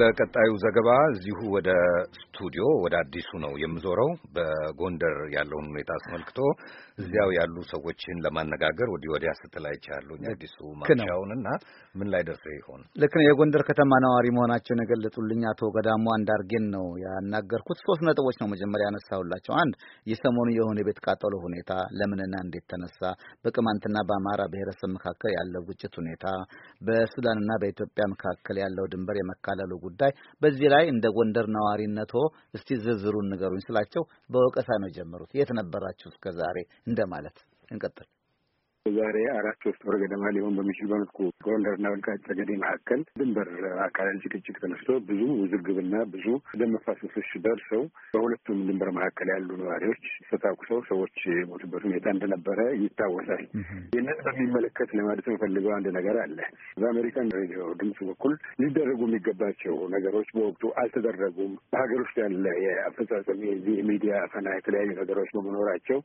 ለቀጣዩ ዘገባ እዚሁ ወደ ስቱዲዮ ወደ አዲሱ ነው የምዞረው። በጎንደር ያለውን ሁኔታ አስመልክቶ እዚያው ያሉ ሰዎችን ለማነጋገር ወዲህ ወዲያ ስትል አይቻለሁኝ። አዲሱ ማምሻውን እና ምን ላይ ደርሰ ይሆን? ልክ ነው። የጎንደር ከተማ ነዋሪ መሆናቸውን የገለጡልኝ አቶ ገዳሙ አንዳርጌን ነው ያናገርኩት። ሶስት ነጥቦች ነው መጀመሪያ ያነሳሁላቸው። አንድ የሰሞኑ የሆነ የቤት ቃጠሎ ሁኔታ ለምንና እንዴት ተነሳ፣ በቅማንትና በአማራ ብሔረሰብ መካከል ያለው ግጭት ሁኔታ፣ በሱዳንና በኢትዮጵያ መካከል ያለው ድንበር የመካለሉ ጉዳይ በዚህ ላይ እንደ ጎንደር ነዋሪነቶ እስቲ ዝርዝሩን ንገሩኝ ስላቸው በወቀሳ ነው የጀመሩት። የት ነበራችሁ እስከ ዛሬ እንደማለት። እንቀጥል። የዛሬ አራት ሶስት ወር ገደማ ሊሆን በሚችል በመልኩ ጎንደርና ወልቃይት ጠገዴ መካከል ድንበር አካላል ጭቅጭቅ ተነስቶ ብዙ ውዝግብና ብዙ ደም መፋሰሶች ደርሰው በሁለቱም ድንበር መካከል ያሉ ነዋሪዎች ተታኩሰው ሰዎች የሞቱበት ሁኔታ እንደነበረ ይታወሳል። ይህንን በሚመለከት ለማለት የምፈልገው አንድ ነገር አለ። በአሜሪካን ሬዲዮ ድምፅ በኩል ሊደረጉ የሚገባቸው ነገሮች በወቅቱ አልተደረጉም። በሀገር ውስጥ ያለ የአፈጻጸም የዚህ ሚዲያ ፈና የተለያዩ ነገሮች በመኖራቸው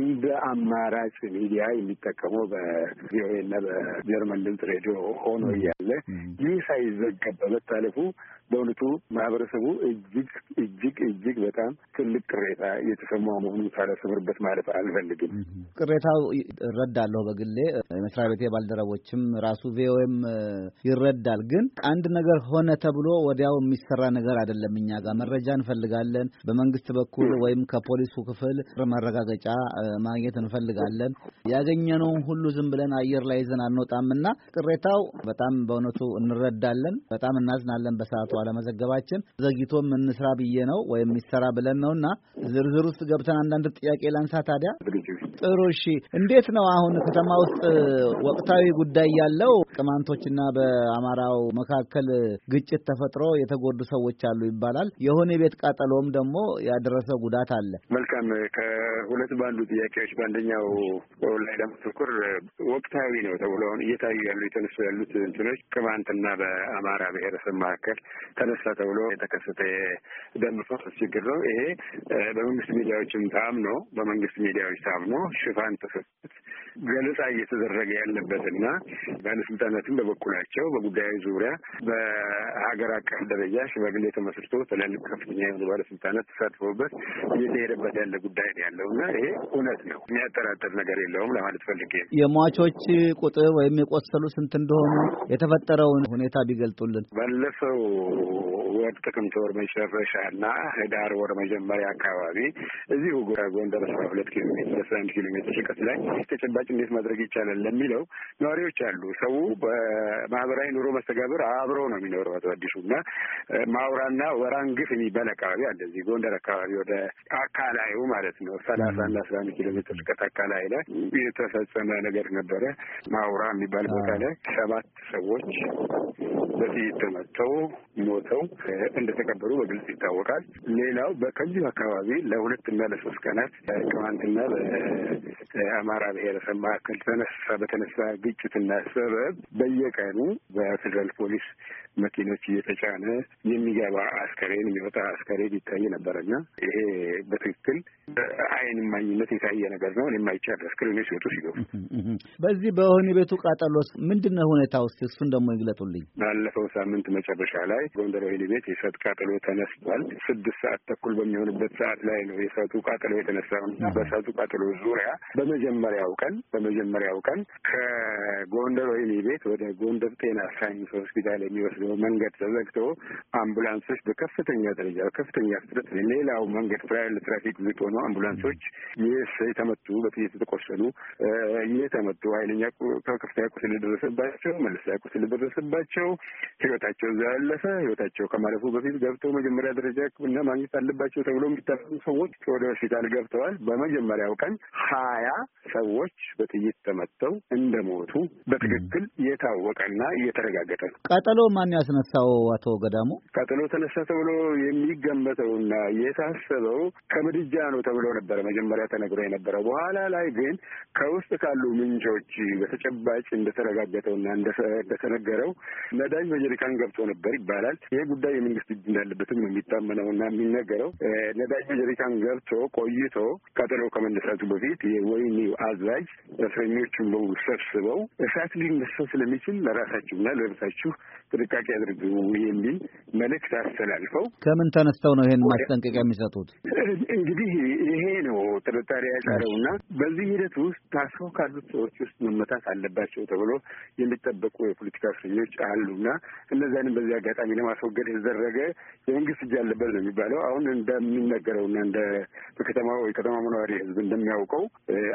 እንደ አማራጭ ሚዲያ የሚጠ የሚጠቀመው በቪኦኤ እና በጀርመን ድምፅ ሬዲዮ ሆኖ እያለ ይህ ሳይዘገብ በመታለፉ በእውነቱ ማህበረሰቡ እጅግ እጅግ እጅግ በጣም ትልቅ ቅሬታ የተሰማ መሆኑ ሳላስምርበት ማለት አልፈልግም። ቅሬታው እረዳለሁ። በግሌ መስሪያ ቤቴ ባልደረቦችም ራሱ ቪኦኤም ይረዳል። ግን አንድ ነገር ሆነ ተብሎ ወዲያው የሚሰራ ነገር አይደለም። እኛ ጋር መረጃ እንፈልጋለን። በመንግስት በኩል ወይም ከፖሊሱ ክፍል መረጋገጫ ማግኘት እንፈልጋለን። ያገኘነውን ሁሉ ዝም ብለን አየር ላይ ይዘን አንወጣም እና ቅሬታው በጣም በእውነቱ እንረዳለን። በጣም እናዝናለን በሰዓቱ አለመዘገባችን ዘግይቶም እንስራ ብዬ ነው ወይም ይሰራ ብለን ነውና ዝርዝር ውስጥ ገብተን አንዳንድ ጥያቄ ላንሳ ታዲያ። ጥሩ እሺ፣ እንዴት ነው አሁን ከተማ ውስጥ ወቅታዊ ጉዳይ ያለው ቅማንቶችና በአማራው መካከል ግጭት ተፈጥሮ የተጎዱ ሰዎች አሉ ይባላል። የሆነ የቤት ቃጠሎም ደግሞ ያደረሰ ጉዳት አለ። መልካም ከሁለት በአንዱ ጥያቄዎች በአንደኛው ላይ ለማተኮር ወቅታዊ ነው ተብሎ አሁን እየታዩ ያሉ የተነሱ ያሉት እንትኖች ቅማንትና በአማራ ብሔረሰብ መካከል ተነሳ ተብሎ የተከሰተ ደም መፋሰስ ችግር ነው። ይሄ በመንግስት ሚዲያዎችም ታምኖ በመንግስት ሚዲያዎች ታምኖ ሽፋን ተሰጥቶት ገለጻ እየተደረገ ያለበትና ባለስልጣናትም በበኩላቸው በጉዳዩ ዙሪያ በሀገር አቀፍ ደረጃ ሽማግሌ ተመስርቶ ትላልቅ ከፍተኛ የሆኑ ባለስልጣናት ተሳትፎበት እየተሄደበት ያለ ጉዳይ ነው ያለው እና ይሄ እውነት ነው፣ የሚያጠራጥር ነገር የለውም ለማለት ፈልጌ። የሟቾች ቁጥር ወይም የቆሰሉ ስንት እንደሆኑ የተፈጠረውን ሁኔታ ቢገልጡልን። ባለፈው ወር ጥቅምት ወር መጨረሻ እና ህዳር ወር መጀመሪያ አካባቢ እዚሁ ጎንደር አስራ ሁለት ኪሎ ሜትር አስራ አንድ ኪሎ ሜትር ርቀት ላይ ተጨባጭ እንዴት ማድረግ ይቻላል ለሚለው ነዋሪዎች አሉ። ሰው በማህበራዊ ኑሮ መስተጋብር አብሮ ነው የሚኖረው። አቶ አዲሱ እና ማውራና ወራንግፍ የሚባል አካባቢ አለ እዚህ ጎንደር አካባቢ ወደ አካላዩ ማለት ነው ሰላሳ እና አስራ አንድ ኪሎ ሜትር ርቀት አካላይ ላይ የተፈጸመ ነገር ነበረ። ማውራ የሚባል ቦታ ላይ ሰባት ሰዎች በጥይት ተመተው ሞተው እንደተቀበሩ በግልጽ ይታወቃል። ሌላው ከዚሁ አካባቢ ለሁለትና ለሶስት ቀናት ቅማንትና በአማራ ብሔረሰብ መካከል ተነሳ በተነሳ ግጭትና ሰበብ በየቀኑ በፌደራል ፖሊስ መኪኖች እየተጫነ የሚገባ አስከሬን የሚወጣ አስከሬን ይታይ ነበር እና ይሄ በትክክል አይን ማኝነት የታየ ነገር ነው። እኔም አይቻል አስከሬኖች ሲወጡ ሲገቡ። በዚህ በወህኒ ቤቱ ቃጠሎስ ምንድን ነው ሁኔታ ውስጥ እሱን ደግሞ ይግለጡልኝ። ባለፈው ሳምንት መጨረሻ ላይ ጎንደር ወህኒ ቤት የእሳት ቃጠሎ ተነስቷል። ስድስት ሰዓት ተኩል በሚሆንበት ሰዓት ላይ ነው የእሳቱ ቃጠሎ የተነሳ እና በእሳቱ ቃጠሎ ዙሪያ በመጀመሪያው ቀን በመጀመሪያው ቀን ከጎንደር ወህኒ ቤት ወደ ጎንደር ጤና ሳይንስ ሆስፒታል የሚወስ መንገድ ተዘግቶ አምቡላንሶች በከፍተኛ ደረጃ በከፍተኛ ፍጥነት ሌላው መንገድ ትራፊክ ዝግ ሆኖ አምቡላንሶች የተመቱ የተቆሰሉ የተመቱ ኃይለኛ ከፍተኛ ቁስል የደረሰባቸው መለስተኛ ቁስል የደረሰባቸው ህይወታቸው እዛ ያለፈ ህይወታቸው ከማለፉ በፊት ገብተው መጀመሪያ ደረጃ ሕክምና ማግኘት አለባቸው ተብሎ የሚታሰቡ ሰዎች ወደ ሆስፒታል ገብተዋል። በመጀመሪያው ቀን ሀያ ሰዎች በጥይት ተመተው እንደሞቱ በትክክል የታወቀና እየተረጋገጠ ነው። ቀጠሎ ማ ማን ያስነሳው? አቶ ገዳሙ ቀጥሎ ተነሳ ተብሎ የሚገመተውና የታሰበው ከምድጃ ነው ተብሎ ነበረ መጀመሪያ ተነግሮ የነበረው። በኋላ ላይ ግን ከውስጥ ካሉ ምንጮች በተጨባጭ እንደተረጋገጠውና እንደተነገረው ነዳጅ በጀሪካን ገብቶ ነበር ይባላል። ይህ ጉዳይ የመንግስት እጅ እንዳለበትም ነው የሚታመነው እና የሚነገረው። ነዳጅ በጀሪካን ገብቶ ቆይቶ ቀጥሎ ከመነሳቱ በፊት የወይኒ አዛዥ እስረኞቹን በሙሉ ሰብስበው እሳት ሊነሳ ስለሚችል ለራሳችሁና ለብሳችሁ ጥንቃቄ አድርጉ የሚል መልእክት አስተላልፈው ከምን ተነስተው ነው ይሄን ማስጠንቀቂያ የሚሰጡት? እንግዲህ ይሄ ነው ጥርጣሬ ያጫረውና በዚህ ሂደት ውስጥ ታስረው ካሉት ሰዎች ውስጥ መመታት አለባቸው ተብሎ የሚጠበቁ የፖለቲካ እስረኞች አሉና እነዚያንም በዚህ አጋጣሚ ለማስወገድ የተደረገ የመንግስት እጅ አለበት ነው የሚባለው። አሁን እንደሚነገረውና እንደ በከተማው የከተማ መኗሪ ህዝብ እንደሚያውቀው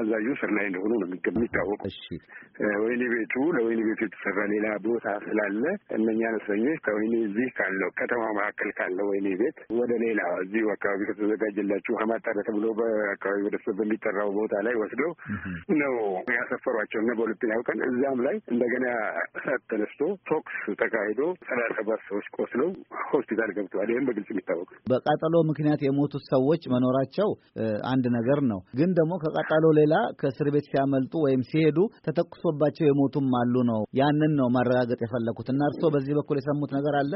አዛዡ ስር ላይ እንደሆኑ ነው የሚታወቀው። ወይኒ ቤቱ ለወይኒ ቤቱ የተሰራ ሌላ ቦታ ስላለ እነኛን እስረኞች ከወህኒ እዚህ ካለው ከተማ መካከል ካለው ወህኒ ቤት ወደ ሌላ እዚሁ አካባቢ ከተዘጋጀላችሁ ሀማጣደ ተብሎ በአካባቢ ወደሰብ በሚጠራው ቦታ ላይ ወስደው ነው ያሰፈሯቸው እና በሁለተኛው ቀን እዛም ላይ እንደገና እሳት ተነስቶ ቶክስ ተካሂዶ ሰላሳ ሰባት ሰዎች ቆስለው ሆስፒታል ገብተዋል። ይህም በግልጽ የሚታወቅ በቃጠሎ ምክንያት የሞቱት ሰዎች መኖራቸው አንድ ነገር ነው። ግን ደግሞ ከቃጠሎ ሌላ ከእስር ቤት ሲያመልጡ ወይም ሲሄዱ ተተኩሶባቸው የሞቱም አሉ ነው። ያንን ነው ማረጋገጥ የፈለኩት እና እርስ እርስዎ በዚህ በኩል የሰሙት ነገር አለ?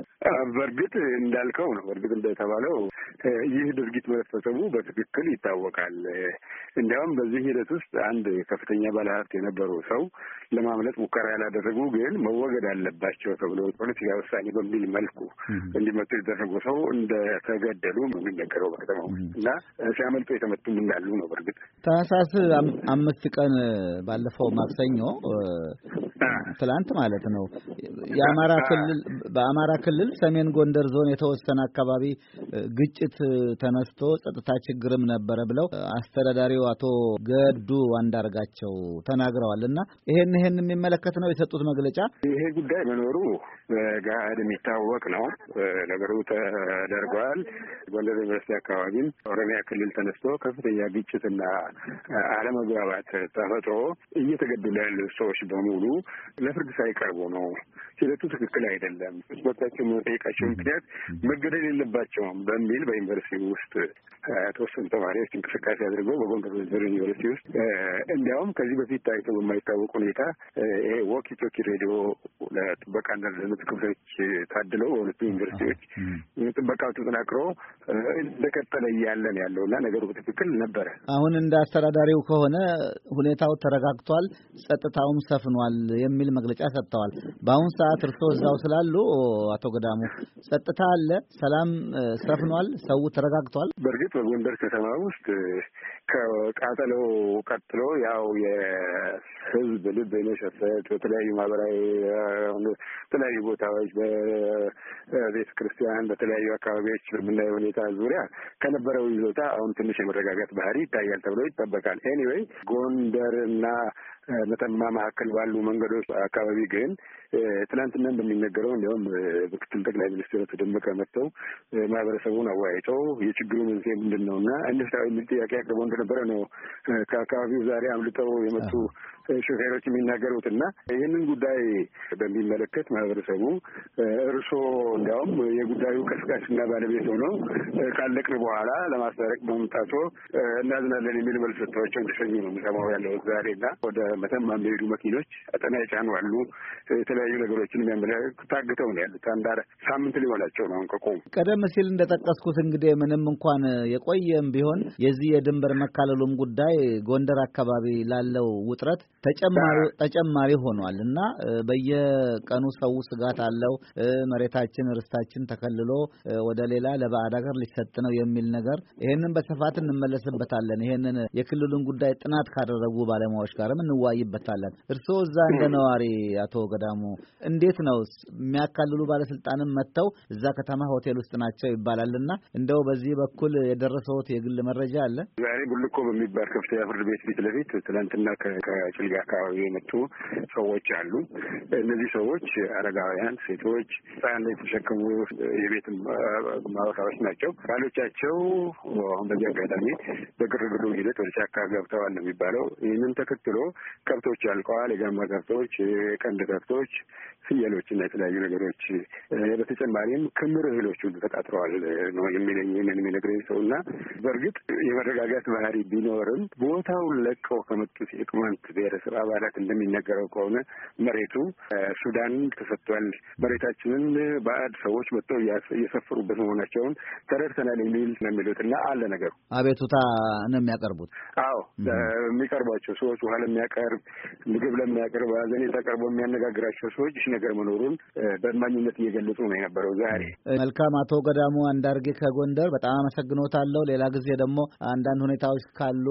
በእርግጥ እንዳልከው ነው። በእርግጥ እንደተባለው ይህ ድርጊት መፈጸሙ በትክክል ይታወቃል። እንዲያውም በዚህ ሂደት ውስጥ አንድ ከፍተኛ ባለሀብት የነበሩ ሰው ለማምለጥ ሙከራ ያላደረጉ ግን መወገድ አለባቸው ተብሎ ፖለቲካ ውሳኔ በሚል መልኩ እንዲመጡ የተደረጉ ሰው እንደተገደሉ የሚነገረው በከተማው እና ሲያመልጡ የተመቱም እንዳሉ ነው። በእርግጥ ታህሳስ አምስት ቀን ባለፈው ማክሰኞ ትላንት ማለት ነው። የአማራ ክልል በአማራ ክልል ሰሜን ጎንደር ዞን የተወሰነ አካባቢ ግጭት ተነስቶ ጸጥታ ችግርም ነበረ ብለው አስተዳዳሪው አቶ ገዱ አንዳርጋቸው ተናግረዋል። እና ይሄን ይሄን የሚመለከት ነው የሰጡት መግለጫ። ይሄ ጉዳይ መኖሩ በገሃድ የሚታወቅ ነው። ነገሩ ተደርገዋል። ጎንደር ዩኒቨርሲቲ አካባቢም ኦሮሚያ ክልል ተነስቶ ከፍተኛ ግጭትና አለመግባባት ተፈጥሮ እየተገደሉ ያሉ ሰዎች በሙሉ ለፍርድ ሳይቀርቡ ነው። ሂደቱ ትክክል አይደለም። ህዝቦቻቸው መጠየቃቸው ምክንያት መገደል የለባቸውም በሚል በዩኒቨርሲቲ ውስጥ ተወሰኑ ተማሪዎች እንቅስቃሴ አድርገው በጎንደር ዩኒቨርሲቲ ውስጥ እንዲያውም ከዚህ በፊት ታይቶ በማይታወቅ ሁኔታ ይሄ ወኪ ቶኪ ሬዲዮ ለጥበቃና ለትምህርት ክፍሎች ታድለው በሁለቱ ዩኒቨርሲቲዎች ጥበቃው ተጠናክሮ እንደቀጠለ እያለን ያለው እና ነገሩ በትክክል ነበረ። አሁን እንደ አስተዳዳሪው ከሆነ ሁኔታው ተረጋግቷል፣ ጸጥታውም ሰፍኗል የሚል መግለጫ ሰጥተዋል። በአሁን ሰዓት እርስዎ እዛው ስላሉ አቶ ገዳሙ ጸጥታ አለ፣ ሰላም ሰፍኗል፣ ሰው ተረጋግቷል። በእርግጥ በጎንደር ከተማ ውስጥ ከቃጠሎ ቀጥሎ ያው የህዝብ ልብ የመሸፈት በተለያዩ ማህበራዊ በተለያዩ ቦታዎች በቤተ ክርስቲያን፣ በተለያዩ አካባቢዎች በምናየው ሁኔታ ዙሪያ ከነበረው ይዞታ አሁን ትንሽ የመረጋጋት ባህሪ ይታያል ተብሎ ይጠበቃል። ኤኒዌይ ጎንደርና መተማ መካከል ባሉ መንገዶች አካባቢ ግን ትናንትና እንደሚነገረው እንዲያውም ምክትል ጠቅላይ ሚኒስትር ተደመቀ መጥተው ማህበረሰቡን አወያይተው የችግሩ መንስኤ ምንድን ነው እና እንድፍታ የሚል ጥያቄ አቅርበው እንደነበረ ነው ከአካባቢው ዛሬ አምልጠው የመጡ ሹፌሮች የሚናገሩት እና ይህንን ጉዳይ በሚመለከት ማህበረሰቡ እርሶ እንዲያውም የጉዳዩ ቀስቃሽ ባለቤት ሆኖ ካለቅን በኋላ ለማስታረቅ በመምጣቶ እናዝናለን የሚል መልስ ሰጥተዋቸው እንደሸኙ ነው የሚሰማው ያለው ዛሬ እና ወደ መተማ የሚሄዱ መኪኖች አጠና የጫኑ አሉ። የተለያዩ ነገሮችን የሚያመለክ ታግተው ነው ያሉት። አንዳር ሳምንት ሊሆናቸው ነው አሁን ከቆሙ። ቀደም ሲል እንደጠቀስኩት እንግዲህ ምንም እንኳን የቆየም ቢሆን የዚህ የድንበር መካለሉም ጉዳይ ጎንደር አካባቢ ላለው ውጥረት ተጨማሪ ሆኗል እና በየቀኑ ሰው ስጋት አለው። መሬታችን ርስታችን ተከልሎ ወደ ሌላ ለባዕድ ሀገር ሊሰጥ ነው የሚል ነገር ይሄንን በስፋት እንመለስበታለን። ይሄንን የክልሉን ጉዳይ ጥናት ካደረጉ ባለሙያዎች ጋርም እንዋይበታለን። እርስዎ እዛ እንደ ነዋሪ አቶ ገዳሙ እንዴት ነው የሚያካልሉ ባለስልጣንም መጥተው እዛ ከተማ ሆቴል ውስጥ ናቸው ይባላልና እንደው በዚህ በኩል የደረሰዎት የግል መረጃ አለ? ዛሬ ጉልኮ በሚባል ከፍተኛ ፍርድ ቤት ፊት ለፊት ትናንትና ከዚህ አካባቢ የመጡ ሰዎች አሉ። እነዚህ ሰዎች አረጋውያን፣ ሴቶች፣ ሕፃን የተሸከሙ የቤት ማወሳዎች ናቸው። ባሎቻቸው አሁን በዚህ አጋጣሚ በግርግሩ ሂደት ወደ ጫካ ገብተዋል ነው የሚባለው። ይህንን ተከትሎ ከብቶች አልቀዋል። የጋማ ከብቶች፣ የቀንድ ከብቶች፣ ፍየሎች እና የተለያዩ ነገሮች በተጨማሪም ክምር እህሎች ሁሉ ተቃጥረዋል ነው የሚለኝ የሚነግረኝ ሰው እና በእርግጥ የመረጋጋት ባህሪ ቢኖርም ቦታውን ለቀው ከመጡት የቅማንት ብሔር ማህበረሰብ አባላት እንደሚነገረው ከሆነ መሬቱ ሱዳን ተሰጥቷል። መሬታችንን ባዕድ ሰዎች መጥተው እየሰፈሩበት መሆናቸውን ተረድተናል የሚል ነው የሚሉት እና አለ ነገሩ አቤቱታ ነው የሚያቀርቡት። አዎ የሚቀርቧቸው ሰዎች ውሃ ለሚያቀርብ ምግብ ለሚያቀርብ አዘኔታ ቀርቦ የሚያነጋግራቸው ሰዎች ይህ ነገር መኖሩን በእማኝነት እየገለጹ ነው የነበረው ዛሬ። መልካም አቶ ገዳሙ አንዳርጌ ከጎንደር በጣም አመሰግኖታለሁ። ሌላ ጊዜ ደግሞ አንዳንድ ሁኔታዎች ካሉ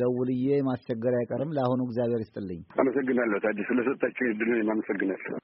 ደውልዬ ማስቸገር አይቀርም። ለአሁኑ እግዚአብሔር ይስጥልኝ። አመሰግናለሁ ታዲያ ስለሰጣችሁ ድ አመሰግናለሁ።